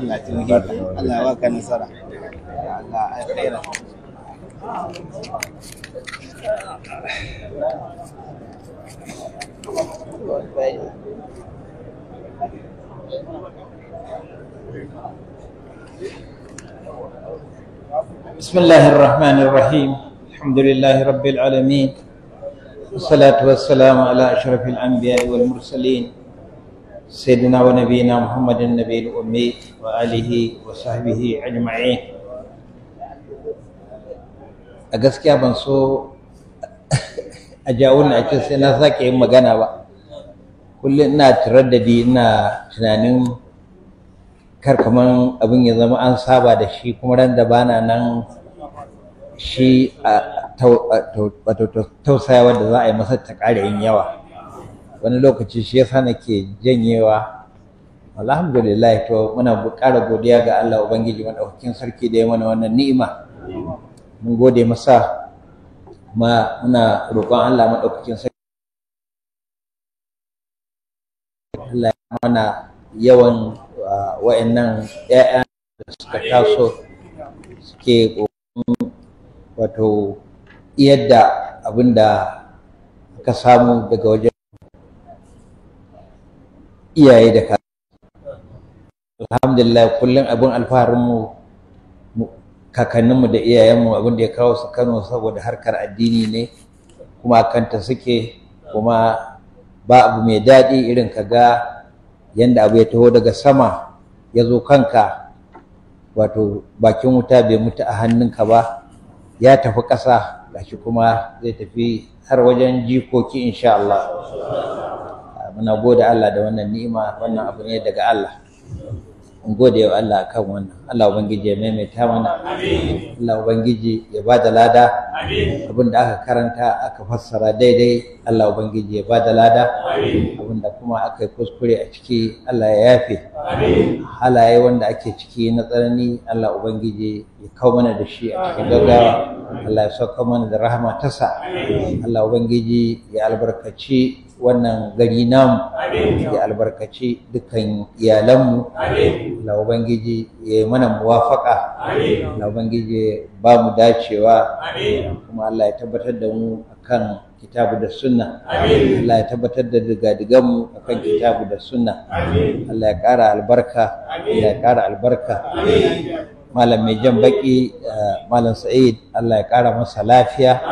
بسم الله الرحمن الرحيم الحمد لله رب العالمين والصلاة والسلام على أشرف الأنبياء والمرسلين سيدنا ونبينا محمد النبي الأمي وآله وصحبه أجمعين أجسكي أبنسو أجاونا أجسكي نساكي إما جنبا كل إنا ترددي إنا تنانين kar kaman abin ya zama an saba da shi kuma ran da bana nan shi a tausayawar da za a yi masa ta ƙara yin yawa wani lokaci shi ya yasa ke janyewa alhamdulillah to muna ƙara godiya ga Allah ubangiji madaukakin sarki da ya mana wannan ni'ima mun gode masa ma muna roƙon Allah maɗaukakin sarki Allah ya mana yawan wa'annan ƴaƴan da suka taso suke ƙoƙarin wato iyadda abin da aka samu daga wajen iyaye da ka alhamdulillah kullum abin alfaharinmu kakanninmu da iyayenmu abin da ya kawo su kano saboda harkar addini ne kuma kanta suke kuma ba abu mai daɗi irin ka ga yadda abu ya taho daga sama ya zo kanka wato bakin wuta bai mutu a hannunka ba ya tafi ƙasa gashi kuma zai tafi har wajen jikoki insha Allah muna gode Allah da wannan ni'ima wannan abu ne daga Allah in gode wa Allah kan wannan Allah ubangiji ya maimaita mana Allah ubangiji ya bada lada lada abin da aka karanta aka fassara daidai Allah ubangiji ya bada lada lada abin da kuma aka yi kuskure a ciki Allah ya yafe halaye wanda ake ciki na tsanani Allah ubangiji ya kawo mana da shi a cikin gaggawa Allah ya sauka mana da rahama tasa Allah ubangiji ya albarkaci wannan gari namu ya albarkaci dukkan iyalanmu na ubangiji ya yi mana muwafaka na ubangiji ba mu dacewa kuma Allah ya tabbatar da mu akan kitabu da sunna Allah ya tabbatar da digadigan mu kan kitabu da sunna Allah ya ƙara albarka Allah ya kara albarka malam mai jan baki eh, malam sa'id Allah ya ƙara masa lafiya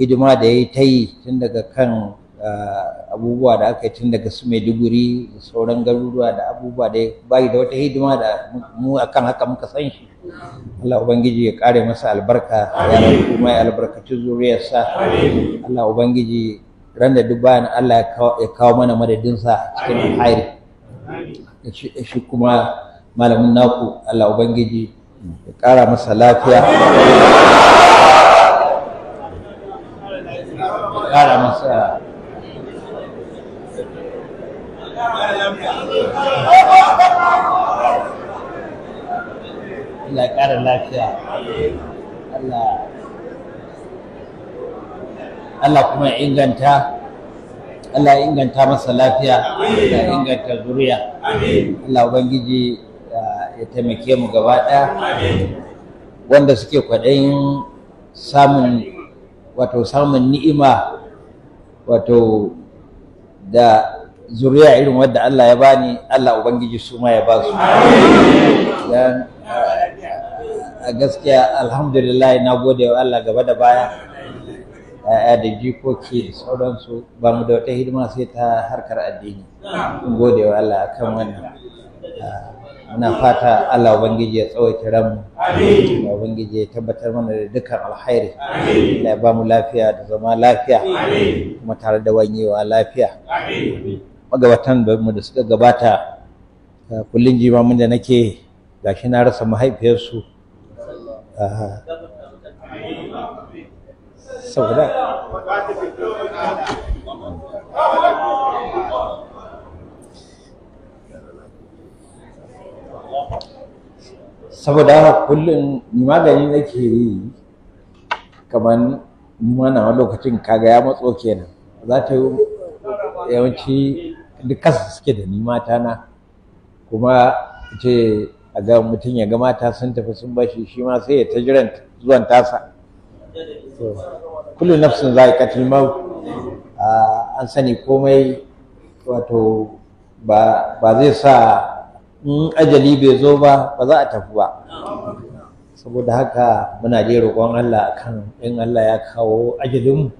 hidima da ya yi ta yi tun daga kan Eh, abubuwa da aka yi tun daga su maiduguri sauran garuruwa da abubuwa da bayi da wata hidima da mu akan haka muka san shi Allah ubangiji ya kare masa albarka ya rabu mai albarkacin zuriyarsa Allah ubangiji ran da duk bayan Allah ya kawo mana madadinsa cikin alhairi shi kuma malamin naku Allah ubangiji ya kara masa lafiya ya kara masa Allah ƙara lafiya Allah Allah kuma inganta Allah inganta masa lafiya Allah inganta zuriya Allah Ubangiji ya taimake mu gaba ɗaya wanda suke kwaɗayin samun wato samun ni'ima wato da zuriya irin wadda Allah ya bani Allah ubangiji su ma ya ba su dan a gaskiya alhamdulillah na gode wa Allah gaba da baya ya'ya da jikoki da sauransu ba mu da wata hidima sai ta harkar addini mun gode wa Allah akan wannan muna fata Allah Ubangiji ya tsawaita ranmu Allah Ubangiji ya tabbatar mana da dukkan alkhairi Allah ya ba mu lafiya da zama lafiya kuma tare da wanyewa lafiya magabatan mu da suka gabata kullum jimamin da nake gashi na rasa mahaifiyarsu saboda saboda kullum magani nake yi kamar mana lokacin kaga ya matso kenan za ta yi yawanci duk kasu suke da ni mata na kuma ce a ga mutum ya ga mata sun tafi sun bashi shi ma sai ya ta jiran zuwan tasa kullum nafsin katil maut an sani komai wato ba zai sa in ajali bai zo ba ba za a tafi ba saboda haka muna je roƙon Allah akan in Allah ya kawo ajalinmu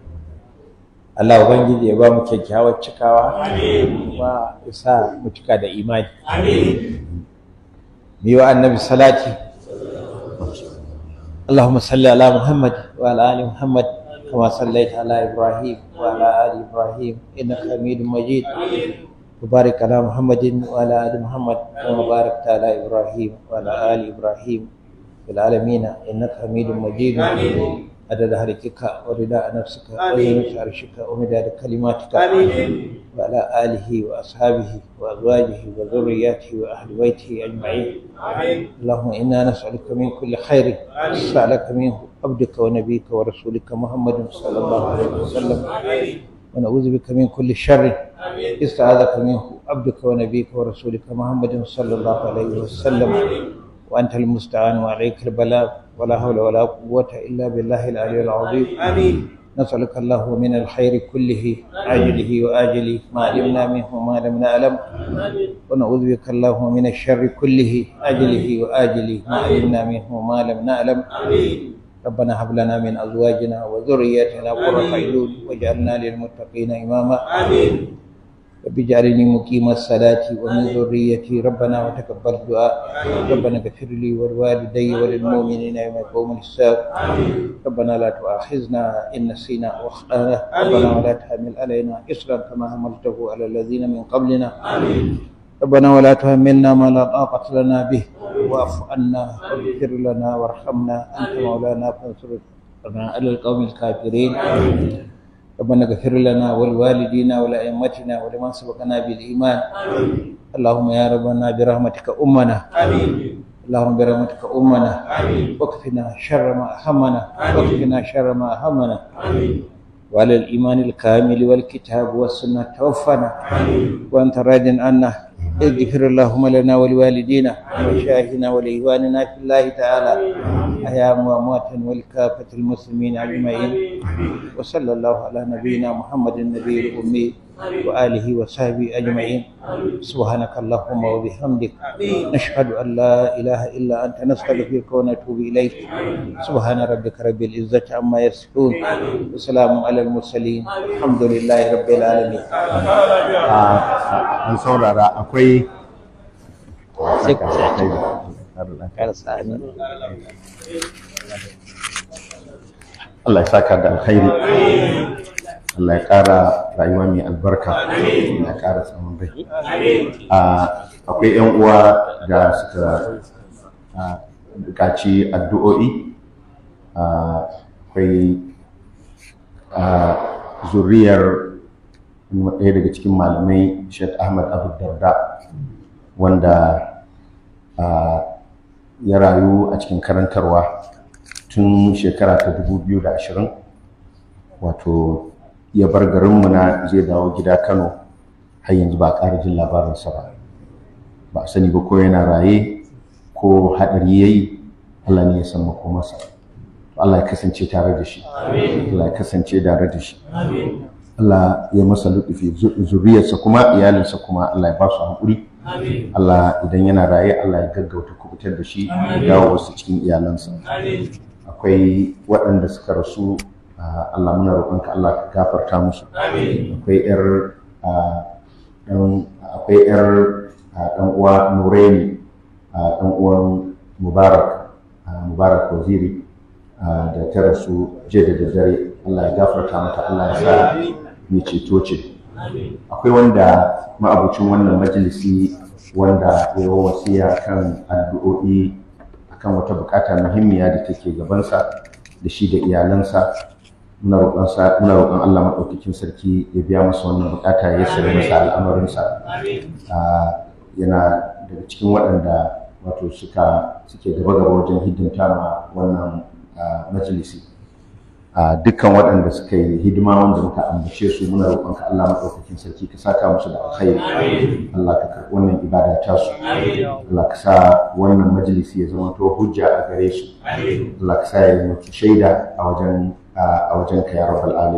Allah Ubangiji ya ba mu kyakkyawar cikawa, kuma ya sa mutuka da imani. Amin. Biyu annabi salati. Allahumma salli ala Muhammad wa ala ali Muhammad kama sallaita Ibrahim wa ala Ibrahim inna hamidun majid. Mubarak ala Muhammadin wa ala ali Muhammad kama barakta Ibrahim wa ala Ibrahim fil alamina inna hamidun majid. Amin. عدد حركك ورداء نفسك وزنة عرشك ومداد كلماتك آمين وعلى آله وأصحابه وأزواجه وذرياته وأهل بيته أجمعين آمين اللهم إنا نسألك من كل خير نسألك منه عبدك ونبيك ورسولك محمد صلى الله عليه وسلم آمين ونعوذ بك من كل شر استعاذك منه عبدك ونبيك ورسولك محمد صلى الله عليه وسلم وأنت المستعان وعليك البلاغ ولا حول ولا قوة إلا بالله العلي العظيم آمين نسألك الله من الخير كله عاجله وآجله ما علمنا منه وما لم نعلم ونعوذ بك الله من الشر كله عاجله وآجله ما علمنا منه وما لم نعلم ربنا هب لنا من أزواجنا وذرياتنا قرة عيون واجعلنا للمتقين إماما آمين رب اجعلني مقيم الصلاة ومن ذريتي ربنا وتقبل الدعاء ربنا اغفر لي ولوالدي وللمؤمنين يوم يقوم الحساب ربنا لا تؤاخذنا إن نسينا وأخطأنا ربنا ولا تحمل علينا إصرا كما حملته على الذين من قبلنا ربنا ولا تهملنا ما لا طاقة لنا به واعف عنا واغفر لنا وارحمنا أنت مولانا فانصرنا على القوم الكافرين ربنا اغفر لنا ولوالدينا ولأئمتنا ولمن سبقنا بالإيمان آمين. اللهم يا ربنا برحمتك أمنا آمين اللهم برحمتك أمنا آمين وكفنا شر ما أهمنا وكفنا شر ما أهمنا آمين وعلى الإيمان الكامل والكتاب والسنة توفنا آمين وأنت راض عنا اغفر اللهم لنا ولوالدينا ومشايخنا ولإخواننا في الله تعالى أحياء وأمواتا والكافة المسلمين أجمعين وصلى الله على نبينا محمد النبي الأمي وآله وصحبه أجمعين سبحانك اللهم وبحمدك نشهد أن لا إله إلا أنت نستغفرك ونتوب إليك سبحان ربك رب العزة عما يصفون وسلام على المرسلين الحمد لله رب العالمين an saurara akwai Allah ya saka da alkhairi Allah ya ƙara rayuwa mai albarka ya ƙara tsawon rai akwai 'yan uwa da suka buƙaci addu'o'i akwai zuriyar ɗaya daga cikin malamai Sheikh Ahmad Abu Darda wanda ya rayu a cikin karantarwa tun shekara ta 2020 wato ya bar garinmu na zai dawo gida kano har yanzu ba a ƙara jin labarinsa ba ba a sani ba ko yana raye ko haɗari ya yi allah ne ya san makomarsa allah ya kasance tare da shi allah ya kasance tare da shi Allah ya masa lutufi zuriyarsa kuma iyalinsa kuma Allah ya ba su haƙuri Allah idan yana raye Allah ya gaggauta kubutar da shi ya dawo wasu cikin iyalansa akwai waɗanda suka rasu Allah muna roƙonka Allah ka gafarta musu akwai yar akwai yar dan uwa Nureni dan uwan Mubarak Mubarak Waziri da ta rasu jiya da daddare. Allah ya gafarta mata Allah ya sa mai ceto ce akwai wanda ma'abucin wannan majalisi wanda ya wasiya kan addu'o'i akan wata bukata muhimmiya da take gabansa da shi da iyalansa muna roƙon sa muna roƙon Allah madaukakin sarki ya biya masa wannan bukata ya shirya masa al'amarin sa yana daga cikin waɗanda wato suka suke gaba gaba wajen hidimta ma wannan majalisi dukkan waɗanda suka yi hidima wanda muka ambace su muna roƙon ka Allah madaukakin sarki ka saka musu da alkhairi Allah ka karɓi wannan ibada ta su Allah ka sa wannan majalisi ya zama to hujja a gare su Allah ka sa ya yi shaida a wajen a wajen ka ya rabar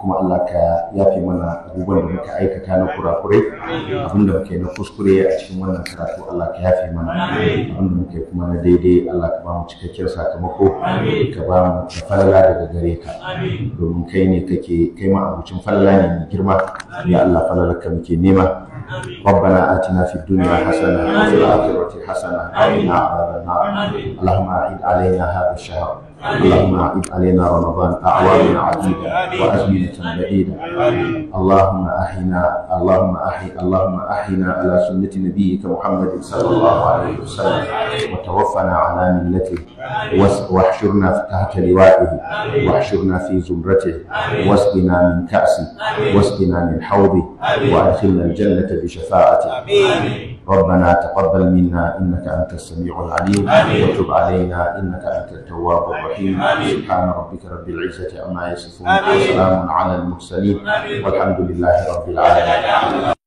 kuma Allah ka yafe mana abubuwan da muka aikata na kurakurai abinda muke na kuskure a cikin wannan karatu Allah ka yafe mana abinda muke kuma na daidai Allah ka ba mu cikakkiyar sakamako ka ba mu da falala daga gare ka domin kai ne kake kai ma abucin falala ne mai girma ya Allah falala ka muke nema ربنا آتنا في الدنيا حسنة وفي الآخرة حسنة وقنا عذاب النار اللهم أعد علينا هذا الشهر اللهم أعد علينا رمضان أعواما عديدة وأزمنة بعيدة اللهم أحنا اللهم أحي اللهم أحنا على سنة نبيك محمد صلى الله عليه وسلم وتوفنا على ملته واحشرنا تحت لوائه واحشرنا في زمرته واسقنا من كأسه واسقنا من حوضه وأدخلنا الجنة بشفاعته ربنا تقبل منا إنك أنت السميع العليم وتب علينا إنك أنت التواب الرحيم سبحان ربك رب العزة عما يصفون وسلام على المرسلين والحمد لله رب العالمين